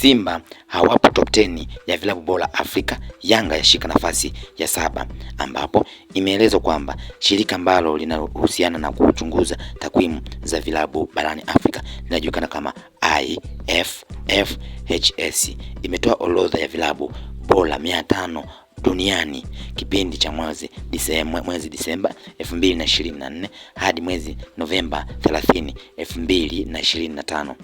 Simba hawapo top 10 ya vilabu bora Afrika. Yanga yashika nafasi ya saba, ambapo imeelezwa kwamba shirika ambalo linahusiana na kuchunguza takwimu za vilabu barani Afrika linajulikana kama IFFHS imetoa orodha ya vilabu bora mia tano duniani kipindi cha mwezi Disemba, mwezi Disemba 2024 hadi mwezi Novemba 30, 2025.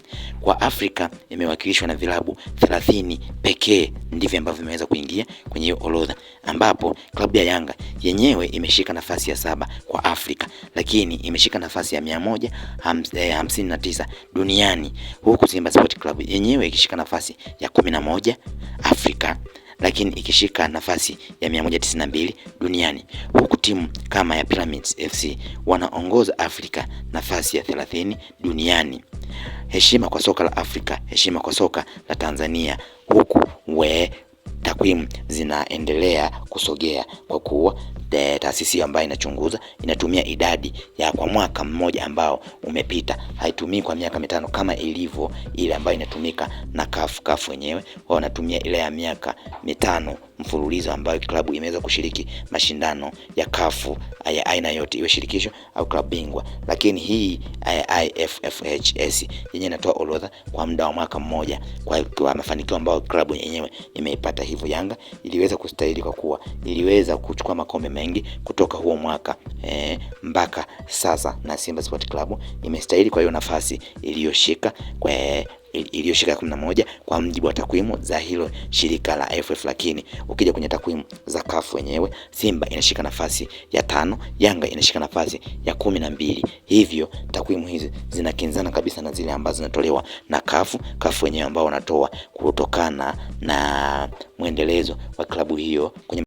Kwa Afrika imewakilishwa na vilabu 30 pekee ndivyo ambavyo vimeweza kuingia kwenye hiyo orodha, ambapo klabu ya Yanga yenyewe imeshika nafasi ya saba kwa Afrika, lakini imeshika nafasi ya 159 eh, duniani, huku Simba Sport Club yenyewe ikishika nafasi ya 11 Afrika lakini ikishika nafasi ya 192 duniani huku timu kama ya Pyramids FC wanaongoza Afrika nafasi ya 30 duniani. Heshima kwa soka la Afrika, heshima kwa soka la Tanzania, huku we takwimu zinaendelea kusogea kwa kuwa taasisi ambayo inachunguza inatumia idadi ya kwa mwaka mmoja ambao umepita, haitumii kwa miaka mitano kama ilivyo ile ambayo inatumika na CAF. CAF wenyewe wao wanatumia ile ya miaka mitano mfululizo ambayo klabu imeweza kushiriki mashindano ya CAF ya aina yote, iwe shirikisho au klabu bingwa. Lakini hii eh, IFFHS yenyewe inatoa orodha kwa muda wa mwaka mmoja kwa, kwa mafanikio ambayo klabu yenyewe imeipata. Hivyo Yanga iliweza kustahili kwa kuwa iliweza kuchukua makombe mengi kutoka huo mwaka e, mpaka sasa, na Simba Sport Club imestahili kwa hiyo nafasi iliyoshika kwa eh, iliyoshika kumi na moja kwa mjibu wa takwimu za hilo shirika la FF, lakini ukija kwenye takwimu za kafu wenyewe Simba inashika nafasi ya tano, Yanga inashika nafasi ya kumi na mbili. Hivyo takwimu hizi zinakinzana kabisa na zile ambazo zinatolewa na kafu kafu wenyewe ambao wanatoa kutokana na mwendelezo wa klabu hiyo kwenye